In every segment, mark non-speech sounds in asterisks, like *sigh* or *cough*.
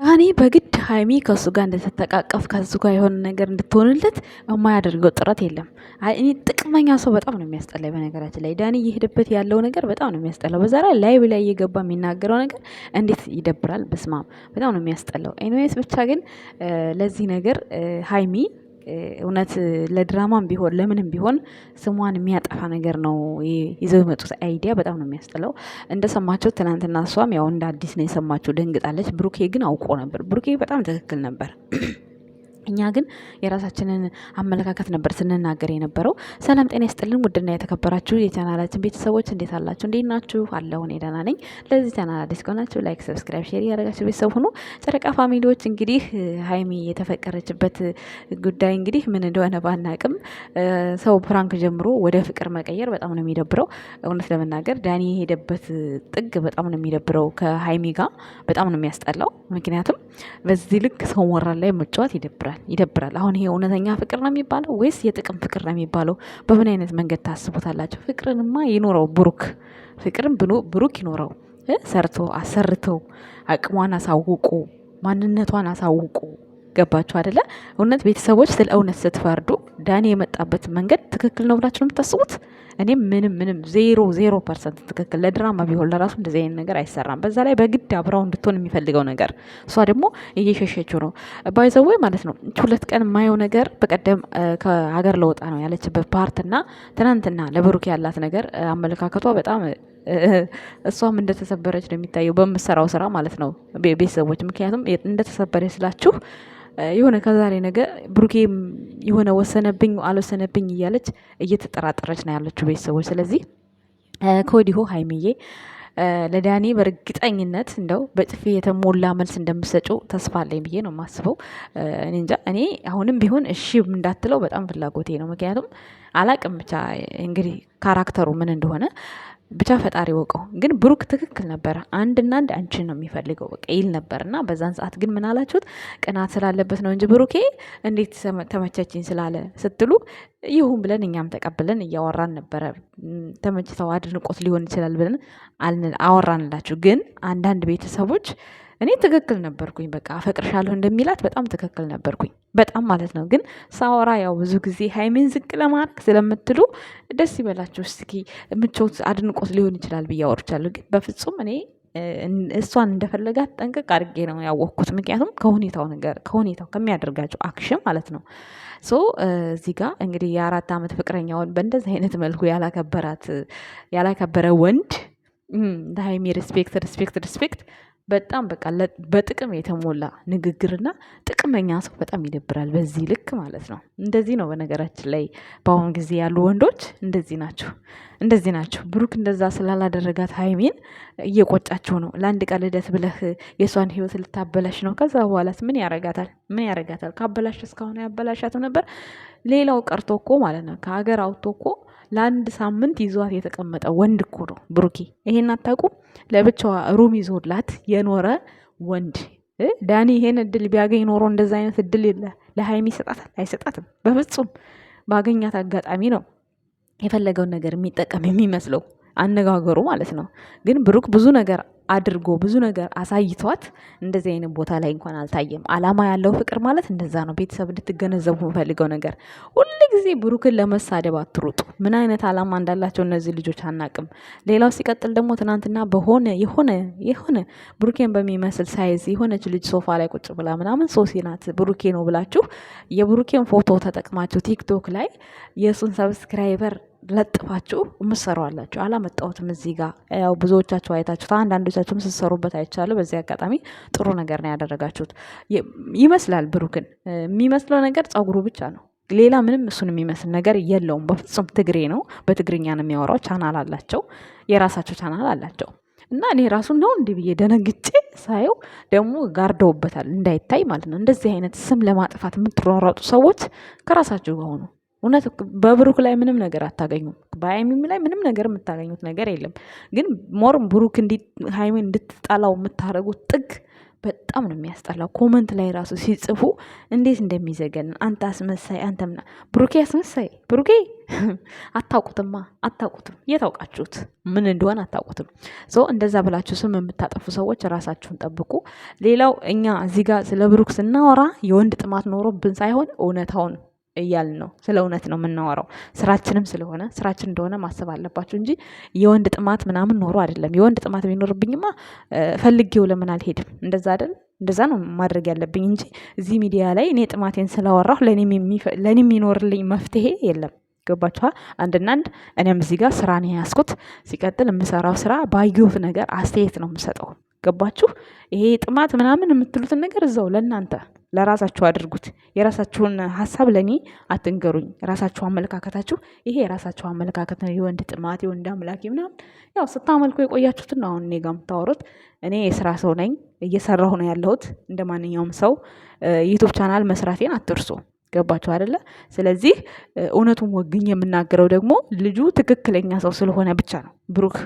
ዳኒ በግድ ሀይሚ ከእሱ ጋር እንደተተቃቀፍ ከሱ ጋር የሆነ ነገር እንድትሆንለት የማያደርገው ጥረት የለም። እኔ ጥቅመኛ ሰው በጣም ነው የሚያስጠላኝ። በነገራችን ላይ ዳኒ እየሄደበት ያለው ነገር በጣም ነው የሚያስጠላው። በዛ ላይ ላይብ ላይ እየገባ የሚናገረው ነገር እንዴት ይደብራል። በስማም በጣም ነው የሚያስጠላው። ኤኒዌይስ ብቻ ግን ለዚህ ነገር ሀይሚ እውነት ለድራማም ቢሆን ለምንም ቢሆን ስሟን የሚያጠፋ ነገር ነው ይዘው የመጡት አይዲያ። በጣም ነው የሚያስጥለው። እንደሰማቸው ትናንትና እሷም ያው እንደ አዲስ ነው የሰማችው፣ ደንግጣለች። ብሩኬ ግን አውቆ ነበር። ብሩኬ በጣም ትክክል ነበር። እኛ ግን የራሳችንን አመለካከት ነበር ስንናገር የነበረው። ሰላም ጤና ይስጥልን ውድና የተከበራችሁ የቻናላችን ቤተሰቦች እንዴት አላችሁ? እንዴት ናችሁ? አለሁ እኔ ደህና ነኝ። ለዚህ ቻናል አዲስ ከሆናችሁ ላይክ፣ ሰብስክራይብ፣ ሼር እያደረጋችሁ ቤተሰብ ሁኑ። ጨረቃ ፋሚሊዎች እንግዲህ ሀይሚ የተፈቀረችበት ጉዳይ እንግዲህ ምን እንደሆነ ባናቅም ሰው ፕራንክ ጀምሮ ወደ ፍቅር መቀየር በጣም ነው የሚደብረው። እውነት ለመናገር ዳኒ የሄደበት ጥግ በጣም ነው የሚደብረው። ከሀይሚ ጋር በጣም ነው የሚያስጠላው። ምክንያቱም በዚህ ልክ ሰው ሞራል ላይ መጫወት ይደብራል። ይደብራል ይደብራል። አሁን ይሄ እውነተኛ ፍቅር ነው የሚባለው ወይስ የጥቅም ፍቅር ነው የሚባለው? በምን አይነት መንገድ ታስቦታላቸው? ፍቅርንማ ይኖረው ብሩክ፣ ፍቅርን ብሩክ ይኖረው ሰርቶ አሰርተው አቅሟን አሳውቁ ማንነቷን አሳውቁ። ገባችሁ አደለ? እውነት ቤተሰቦች ስለ እውነት ስትፈርዱ ዳኒ የመጣበት መንገድ ትክክል ነው ብላችሁ ነው የምታስቡት? እኔም ምንም ምንም ዜሮ ዜሮ ፐርሰንት ትክክል። ለድራማ ቢሆን ለራሱ እንደዚህ አይነት ነገር አይሰራም። በዛ ላይ በግድ አብራው እንድትሆን የሚፈልገው ነገር እሷ ደግሞ እየሸሸችው ነው ባይዘዌ ማለት ነው። ሁለት ቀን የማየው ነገር በቀደም ከሀገር ለወጣ ነው ያለችበት ፓርትና ትናንትና ለብሩክ ያላት ነገር አመለካከቷ በጣም እሷም እንደተሰበረች ነው የሚታየው በምሰራው ስራ ማለት ነው ቤተሰቦች። ምክንያቱም እንደተሰበረች ስላችሁ የሆነ ከዛሬ ነገ ብሩኬ የሆነ ወሰነብኝ አልወሰነብኝ እያለች እየተጠራጠረች ነው ያለችው ቤተሰቦች። ስለዚህ ከወዲሁ ሀይሚዬ ለዳኒ በእርግጠኝነት እንደው በጥፊ የተሞላ መልስ እንደምሰጪው ተስፋ አለኝ ብዬ ነው የማስበው። እኔ እንጃ እኔ አሁንም ቢሆን እሺ እንዳትለው በጣም ፍላጎቴ ነው። ምክንያቱም አላቅም ብቻ እንግዲህ ካራክተሩ ምን እንደሆነ ብቻ ፈጣሪ ወቀው። ግን ብሩክ ትክክል ነበረ። አንድ እና አንድ አንቺን ነው የሚፈልገው በቃ ይል ነበር እና በዛን ሰዓት ግን ምን አላችሁት? ቅናት ስላለበት ነው እንጂ ብሩኬ እንዴት ተመቸችኝ ስላለ ስትሉ ይሁን ብለን እኛም ተቀብለን እያወራን ነበረ። ተመችተው አድንቆት ሊሆን ይችላል ብለን አወራንላችሁ። ግን አንዳንድ ቤተሰቦች እኔ ትክክል ነበርኩኝ። በቃ አፈቅርሻለሁ እንደሚላት በጣም ትክክል ነበርኩኝ፣ በጣም ማለት ነው። ግን ሳወራ ያው ብዙ ጊዜ ሀይሜን ዝቅ ለማድረግ ስለምትሉ ደስ ይበላችሁ። እስኪ ምቾት አድንቆት ሊሆን ይችላል ብዬ አወርቻለሁ። ግን በፍጹም እኔ እሷን እንደፈለጋት ጠንቅቅ አድርጌ ነው ያወቅኩት። ምክንያቱም ከሁኔታው ነገር ከሁኔታው ከሚያደርጋቸው አክሽን ማለት ነው። ሶ እዚህ ጋ እንግዲህ የአራት ዓመት ፍቅረኛውን በእንደዚህ አይነት መልኩ ያላከበራት ያላከበረ ወንድ ለሀይሚ ሪስፔክት ሪስፔክት ሪስፔክት በጣም በቃ በጥቅም የተሞላ ንግግርና ጥቅመኛ ሰው በጣም ይደብራል። በዚህ ልክ ማለት ነው። እንደዚህ ነው በነገራችን ላይ በአሁኑ ጊዜ ያሉ ወንዶች እንደዚህ ናቸው። እንደዚህ ናቸው። ብሩክ እንደዛ ስላላደረጋት ሀይሜን እየቆጫቸው ነው። ለአንድ ቀን ልደት ብለህ የእሷን ህይወት ልታበላሽ ነው። ከዛ በኋላስ ምን ያረጋታል? ምን ያረጋታል? ካበላሽ እስካሁን ያበላሻትም ነበር። ሌላው ቀርቶ እኮ ማለት ነው ከሀገር አውቶ። እኮ ለአንድ ሳምንት ይዟት የተቀመጠ ወንድ እኮ ነው ብሩኬ። ይሄን አታውቁም? ለብቻዋ ሩም ይዞላት የኖረ ወንድ ዳኒ ይሄን እድል ቢያገኝ ኖሮ እንደዚ አይነት እድል የለ ለሀይሚ ይሰጣታል? አይሰጣትም። በፍጹም ባገኛት አጋጣሚ ነው የፈለገውን ነገር የሚጠቀም የሚመስለው አነጋገሩ ማለት ነው። ግን ብሩክ ብዙ ነገር አድርጎ ብዙ ነገር አሳይቷት እንደዚህ አይነት ቦታ ላይ እንኳን አልታየም። አላማ ያለው ፍቅር ማለት እንደዛ ነው። ቤተሰብ እንድትገነዘቡ የምፈልገው ነገር ሁል ጊዜ ብሩክን ለመሳደብ አትሩጡ። ምን አይነት አላማ እንዳላቸው እነዚህ ልጆች አናቅም። ሌላው ሲቀጥል ደግሞ ትናንትና በሆነ የሆነ የሆነ ብሩኬን በሚመስል ሳይዝ የሆነች ልጅ ሶፋ ላይ ቁጭ ብላ ምናምን ሶሲ ናት ብሩኬ ነው ብላችሁ የብሩኬን ፎቶ ተጠቅማችሁ ቲክቶክ ላይ የእሱን ሰብስክራይበር ለጥፋችሁ የምትሰሩ አላችሁ። አላመጣሁትም እዚህ ጋር ያው ብዙዎቻችሁ አይታችሁ አንዳንዶቻችሁም ስትሰሩበት አይቻለሁ። በዚህ አጋጣሚ ጥሩ ነገር ነው ያደረጋችሁት ይመስላል። ብሩክን የሚመስለው ነገር ጸጉሩ ብቻ ነው። ሌላ ምንም እሱን የሚመስል ነገር የለውም በፍጹም። ትግሬ ነው፣ በትግርኛ ነው የሚያወራው። ቻናል አላቸው፣ የራሳቸው ቻናል አላቸው። እና እኔ ራሱ ነው እንዲህ ብዬ ደነግጬ ሳየው ደግሞ ጋርደውበታል እንዳይታይ ማለት ነው። እንደዚህ አይነት ስም ለማጥፋት የምትሯሯጡ ሰዎች ከራሳችሁ ከሆኑ እውነት በብሩክ ላይ ምንም ነገር አታገኙም። በሀይሚም ላይ ምንም ነገር የምታገኙት ነገር የለም። ግን ሞር ብሩክ ሀይሚን እንድትጠላው የምታደርጉት ጥግ በጣም ነው የሚያስጠላው። ኮመንት ላይ ራሱ ሲጽፉ እንዴት እንደሚዘገንን አንተ አስመሳይ፣ አንተ ምና ብሩኬ አስመሳይ። ብሩኬ አታውቁትማ፣ አታውቁትም። የታውቃችሁት ምን እንደሆን አታውቁትም። ሶ እንደዛ ብላችሁ ስም የምታጠፉ ሰዎች ራሳችሁን ጠብቁ። ሌላው እኛ እዚህ ጋር ስለ ብሩክ ስናወራ የወንድ ጥማት ኖሮብን ሳይሆን እውነታውን እያል ነው። ስለ እውነት ነው የምናወራው። ስራችንም ስለሆነ ስራችን እንደሆነ ማሰብ አለባችሁ እንጂ የወንድ ጥማት ምናምን ኖሮ አይደለም። የወንድ ጥማት ቢኖርብኝማ ፈልጌው ለምን አልሄድም? እንደዛ አይደል? እንደዛ ነው ማድረግ ያለብኝ እንጂ እዚህ ሚዲያ ላይ እኔ ጥማቴን ስላወራሁ ለእኔ የሚኖርልኝ መፍትሄ የለም። ገባችኋል? አንድና አንድ እኔም እዚህ ጋር ስራ ነው የያዝኩት። ሲቀጥል የምሰራው ስራ ባየሁት ነገር አስተያየት ነው የምሰጠው። ገባችሁ? ይሄ ጥማት ምናምን የምትሉትን ነገር እዛው ለእናንተ ለራሳችሁ አድርጉት። የራሳችሁን ሀሳብ ለእኔ አትንገሩኝ። የራሳችሁ አመለካከታችሁ ይሄ የራሳችሁ አመለካከት ነው። የወንድ ጥማት፣ የወንድ አምላኪ ምናምን ያው ስታመልኩ የቆያችሁትን አሁን እኔ ጋር የምታወሩት። እኔ የስራ ሰው ነኝ፣ እየሰራሁ ነው ያለሁት እንደ ማንኛውም ሰው። ዩቱብ ቻናል መስራቴን አትርሱ። ገባችሁ አይደለ? ስለዚህ እውነቱን ወግኝ የምናገረው ደግሞ ልጁ ትክክለኛ ሰው ስለሆነ ብቻ ነው ብሩክ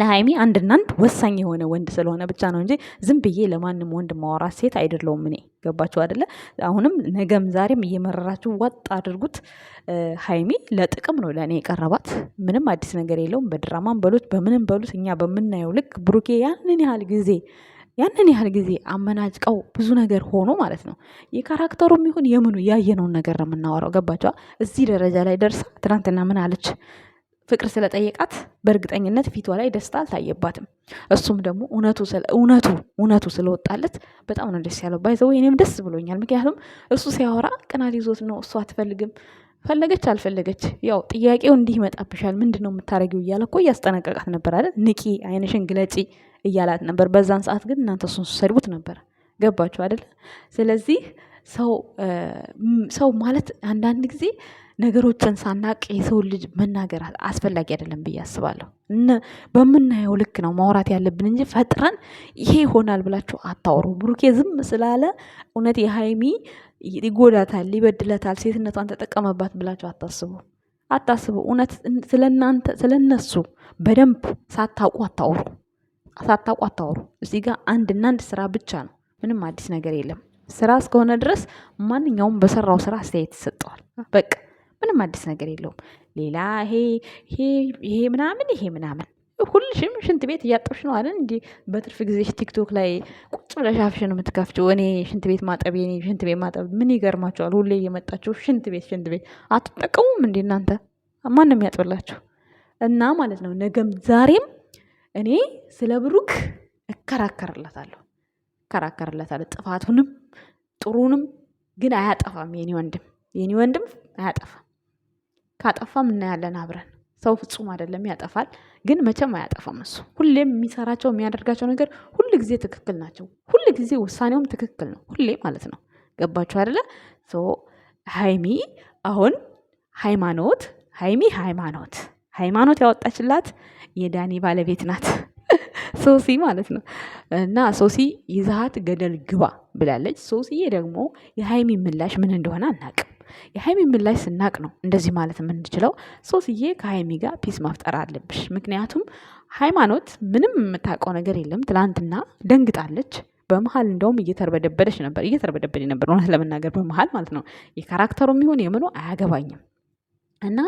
ለሀይሚ አንድና አንድ ወሳኝ የሆነ ወንድ ስለሆነ ብቻ ነው እንጂ ዝም ብዬ ለማንም ወንድ ማወራት ሴት አይደለውም። እኔ ገባችሁ አደለ? አሁንም ነገም ዛሬም እየመረራችሁ ዋጥ አድርጉት። ሀይሚ ለጥቅም ነው ለእኔ የቀረባት። ምንም አዲስ ነገር የለውም። በድራማም በሉት በምንም በሉት እኛ በምናየው ልክ ብሩኬ ያንን ያህል ጊዜ ያንን ያህል ጊዜ አመናጭቀው ብዙ ነገር ሆኖ ማለት ነው። የካራክተሩም ይሁን የምኑ ያየነውን ነገር ነው የምናወራው። ገባችኋ? እዚህ ደረጃ ላይ ደርሳ ትናንትና ምን አለች? ፍቅር ስለጠየቃት በእርግጠኝነት ፊቷ ላይ ደስታ አልታየባትም። እሱም ደግሞ እውነቱ እውነቱ እውነቱ ስለወጣለት በጣም ነው ደስ ያለው። ባይዘው እኔም ደስ ብሎኛል። ምክንያቱም እሱ ሲያወራ ቅናት ይዞት ነው። እሱ አትፈልግም ፈለገች አልፈለገች ያው ጥያቄው እንዲህ ይመጣብሻል፣ ምንድን ነው የምታደረጊው እያለ እኮ እያስጠነቀቃት ነበር አይደል? ንቂ፣ አይንሽን ግለጪ እያላት ነበር። በዛን ሰዓት ግን እናንተ እሱን ስትሰድቡት ነበር። ገባችሁ አይደል? ስለዚህ ሰው ሰው ማለት አንዳንድ ጊዜ ነገሮችን ሳናቅ የሰውን ልጅ መናገር አስፈላጊ አይደለም ብዬ አስባለሁ። በምናየው ልክ ነው ማውራት ያለብን እንጂ ፈጥረን ይሄ ይሆናል ብላችሁ አታውሩ። ብሩኬ ዝም ስላለ እውነት የሀይሚ ይጎዳታል፣ ሊበድለታል፣ ሴትነቷን ተጠቀመባት ብላችሁ አታስቡ አታስቡ። እውነት ስለናንተ ስለነሱ በደንብ ሳታውቁ አታውሩ፣ ሳታውቁ አታውሩ። እዚህ ጋር አንድና አንድ ስራ ብቻ ነው፣ ምንም አዲስ ነገር የለም። ስራ እስከሆነ ድረስ ማንኛውም በሰራው ስራ አስተያየት ይሰጠዋል። በቃ ምንም አዲስ ነገር የለውም። ሌላ ይሄ ይሄ ምናምን ይሄ ምናምን ሁልሽም ሽንት ቤት እያጠብሽ ነው አይደል? እንዲ በትርፍ ጊዜሽ ቲክቶክ ላይ ቁጭ ብለሽ አፍሽን የምትከፍችው። እኔ ሽንት ቤት ማጠብ እኔ ሽንት ቤት ማጠብ ምን ይገርማችኋል? ሁሌ እየመጣችሁ ሽንት ቤት ሽንት ቤት አትጠቀሙም እንዴ እናንተ? ማንም ያጥብላችሁ እና ማለት ነው። ነገም ዛሬም እኔ ስለ ብሩክ እከራከርለታለሁ እከራከርለታለሁ። ጥፋቱንም ጥሩንም ግን አያጠፋም። የኔ ወንድም የኔ ወንድም አያጠፋም። ካጠፋም እናያለን አብረን። ሰው ፍጹም አይደለም፣ ያጠፋል። ግን መቼም አያጠፋም እሱ። ሁሌም የሚሰራቸው የሚያደርጋቸው ነገር ሁል ጊዜ ትክክል ናቸው። ሁል ጊዜ ውሳኔውም ትክክል ነው፣ ሁሌ ማለት ነው። ገባችሁ አይደለ? ሀይሚ አሁን ሃይማኖት ሀይሚ ሃይማኖት ሃይማኖት ያወጣችላት የዳኒ ባለቤት ናት *laughs* ሶሲ ማለት ነው። እና ሶሲ ይዛሀት ገደል ግባ ብላለች። ሶሲዬ ደግሞ የሀይሚ ምላሽ ምን እንደሆነ አናውቅም። የሀይሚ ምላሽ ስናቅ ነው እንደዚህ ማለት የምንችለው። ሶስዬ ከሀይሚ ጋር ፒስ መፍጠር አለብሽ። ምክንያቱም ሃይማኖት ምንም የምታውቀው ነገር የለም። ትላንትና ደንግጣለች። በመሀል እንደውም እየተርበደበደች ነበር እየተርበደበደ ነበር፣ እውነት ለመናገር በመሀል ማለት ነው። የካራክተሩ የሚሆን የምኖ አያገባኝም። እና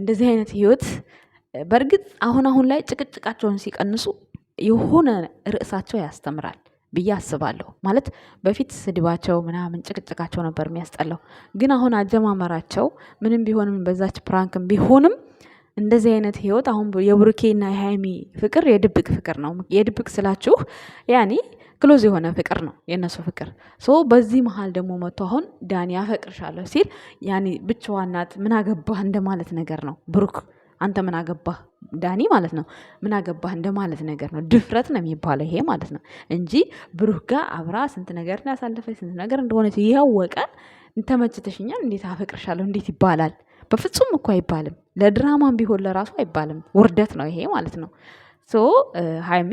እንደዚህ አይነት ህይወት በእርግጥ አሁን አሁን ላይ ጭቅጭቃቸውን ሲቀንሱ የሆነ ርዕሳቸው ያስተምራል። ብዬ አስባለሁ። ማለት በፊት ስድባቸው ምናምን ጭቅጭቃቸው ነበር የሚያስጠላው። ግን አሁን አጀማመራቸው ምንም ቢሆንም በዛች ፕራንክም ቢሆንም እንደዚህ አይነት ህይወት አሁን የብሩኬና የሃይሚ ፍቅር የድብቅ ፍቅር ነው። የድብቅ ስላችሁ ያኒ ክሎዝ የሆነ ፍቅር ነው የእነሱ ፍቅር። ሶ በዚህ መሀል ደግሞ መጥቶ አሁን ዳኒ አፈቅርሻለሁ ሲል ያኒ ብቻዋን ናት ምን አገባህ እንደማለት ነገር ነው። ብሩክ አንተ ምን አገባህ ዳኒ ማለት ነው። ምን አገባህ እንደማለት ነገር ነው። ድፍረት ነው የሚባለው ይሄ ማለት ነው እንጂ ብሩህ ጋር አብራ ስንት ነገር ያሳለፈ ስንት ነገር እንደሆነ ያወቀ ተመችተሽኛል፣ እንዴት አፈቅርሻለሁ እንዴት ይባላል? በፍጹም እኮ አይባልም። ለድራማም ቢሆን ለራሱ አይባልም። ውርደት ነው ይሄ ማለት ነው። ሶ ሀይሚ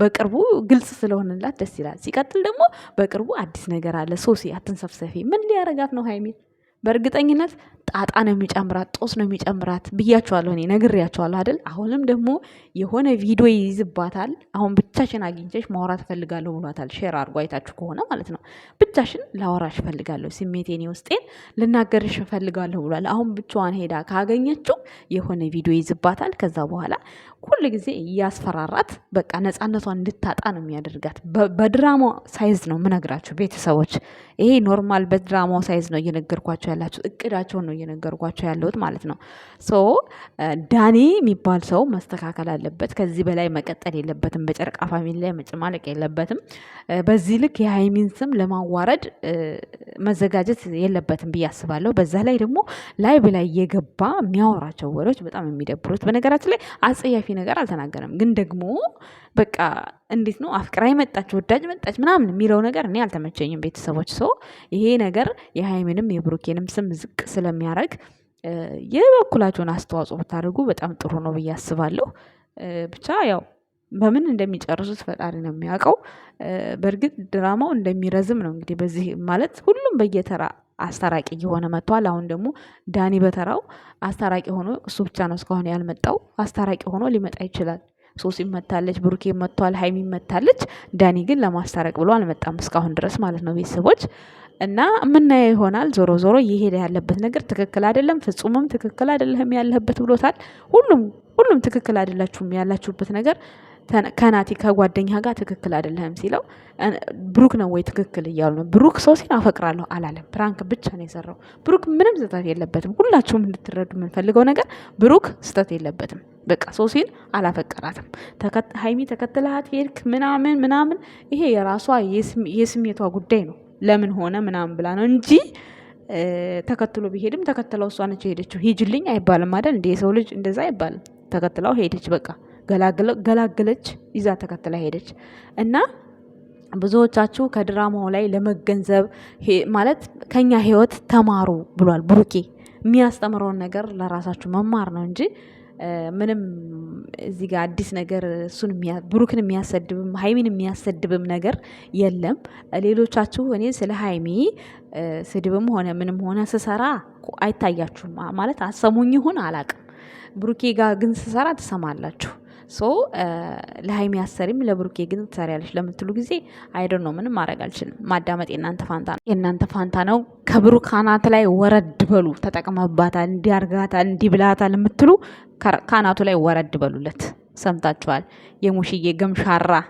በቅርቡ ግልጽ ስለሆነላት ደስ ይላል። ሲቀጥል ደግሞ በቅርቡ አዲስ ነገር አለ። ሶሲ አትንሰፍሰፊ። ምን ሊያረጋት ነው ሀይሚ? በእርግጠኝነት ጣጣ ነው የሚጨምራት፣ ጦስ ነው የሚጨምራት ብያቸዋለሁ። እኔ ነግሬያቸዋለሁ አይደል? አሁንም ደግሞ የሆነ ቪዲዮ ይይዝባታል። አሁን ብቻሽን አግኝቼሽ ማውራት እፈልጋለሁ ብሏታል። ሼር አድርጎ አይታችሁ ከሆነ ማለት ነው። ብቻሽን ላወራሽ እፈልጋለሁ፣ ስሜቴን፣ ውስጤን ልናገርሽ እፈልጋለሁ ብሏል። አሁን ብቻዋን ሄዳ ካገኘችው የሆነ ቪዲዮ ይይዝባታል። ከዛ በኋላ ሁል ጊዜ እያስፈራራት በቃ ነፃነቷን እንድታጣ ነው የሚያደርጋት። በድራማ ሳይዝ ነው የምነግራችሁ ቤተሰቦች፣ ይሄ ኖርማል በድራማ ሳይዝ ነው እየነገርኳቸው ያላችሁ እቅዳቸውን ነው እየነገርኳቸው ያለሁት ማለት ነው። ሶ ዳኔ የሚባል ሰው መስተካከል አለበት። ከዚህ በላይ መቀጠል የለበትም። በጨርቃ ፋሚሊ ላይ መጨማለቅ የለበትም። በዚህ ልክ የሃይሚን ስም ለማዋረድ መዘጋጀት የለበትም ብዬ አስባለሁ። በዛ ላይ ደግሞ ላይ ላይ እየገባ የሚያወራቸው ወሬዎች በጣም የሚደብሩት በነገራችን ላይ አጸያፊ ነገር አልተናገረም። ግን ደግሞ በቃ እንዴት ነው አፍቅራይ መጣች ወዳጅ መጣች ምናምን የሚለው ነገር እኔ አልተመቸኝም። ቤተሰቦች ሰው ይሄ ነገር የሃይሜንም የብሩኬንም ስም ዝቅ ስለሚያደርግ የበኩላቸውን አስተዋጽኦ ብታደርጉ በጣም ጥሩ ነው ብዬ አስባለሁ። ብቻ ያው በምን እንደሚጨርሱት ፈጣሪ ነው የሚያውቀው። በእርግጥ ድራማው እንደሚረዝም ነው እንግዲህ በዚህ ማለት ሁሉም በየተራ አስታራቂ እየሆነ መጥቷል። አሁን ደግሞ ዳኒ በተራው አስታራቂ ሆኖ እሱ ብቻ ነው እስካሁን ያልመጣው። አስታራቂ ሆኖ ሊመጣ ይችላል። ሶሲ መታለች፣ ብሩኬ መጥቷል፣ ሀይሚ መታለች። ዳኒ ግን ለማስታረቅ ብሎ አልመጣም እስካሁን ድረስ ማለት ነው ቤተሰቦች እና የምናየው ይሆናል። ዞሮ ዞሮ እየሄደ ያለበት ነገር ትክክል አይደለም። ፍጹምም ትክክል አይደለም ያለህበት ብሎታል። ሁሉም ሁሉም ትክክል አይደላችሁም ያላችሁበት ነገር ከናቲ ከጓደኛ ጋር ትክክል አይደለህም ሲለው ብሩክ ነው ወይ ትክክል እያሉ ነው። ብሩክ ሶሲን አፈቅራለሁ አላለም። ፕራንክ ብቻ ነው የሰራው። ብሩክ ምንም ስህተት የለበትም። ሁላችሁም እንድትረዱ የምንፈልገው ነገር ብሩክ ስህተት የለበትም። በቃ ሶሲን አላፈቀራትም። ሀይሚ ተከትላት ሄድክ ምናምን ምናምን፣ ይሄ የራሷ የስሜቷ ጉዳይ ነው። ለምን ሆነ ምናምን ብላ ነው እንጂ ተከትሎ ቢሄድም ተከትለው እሷ ነች የሄደችው። ሂጅልኝ አይባልም አይደል? እንደ የሰው ልጅ እንደዛ አይባልም። ተከትለው ሄደች በቃ ገላገለች፣ ይዛ ተከትላ ሄደች እና ብዙዎቻችሁ ከድራማው ላይ ለመገንዘብ ማለት ከኛ ህይወት ተማሩ ብሏል ብሩኬ። የሚያስተምረውን ነገር ለራሳችሁ መማር ነው እንጂ ምንም እዚህ ጋር አዲስ ነገር እሱን ብሩክን የሚያሰድብም ሀይሚን የሚያሰድብም ነገር የለም። ሌሎቻችሁ እኔ ስለ ሀይሚ ስድብም ሆነ ምንም ሆነ ስሰራ አይታያችሁም ማለት አሰሙኝ ይሁን አላቅም። ብሩኬ ጋር ግን ስሰራ ትሰማላችሁ። ሶ ለሀይሚ አሰሪም ለብሩኬ ግን ትሰሪያለች ለምትሉ ጊዜ አይደ ነው። ምንም ማድረግ አልችልም። ማዳመጥ የእናንተ ፋንታ ነው፣ የእናንተ ፋንታ ነው። ከብሩክ አናት ላይ ወረድ በሉ። ተጠቅመባታል፣ እንዲያርጋታል እንዲብላታል የምትሉ ከአናቱ ላይ ወረድ በሉለት። ሰምታችኋል። የሙሽዬ ገምሻራ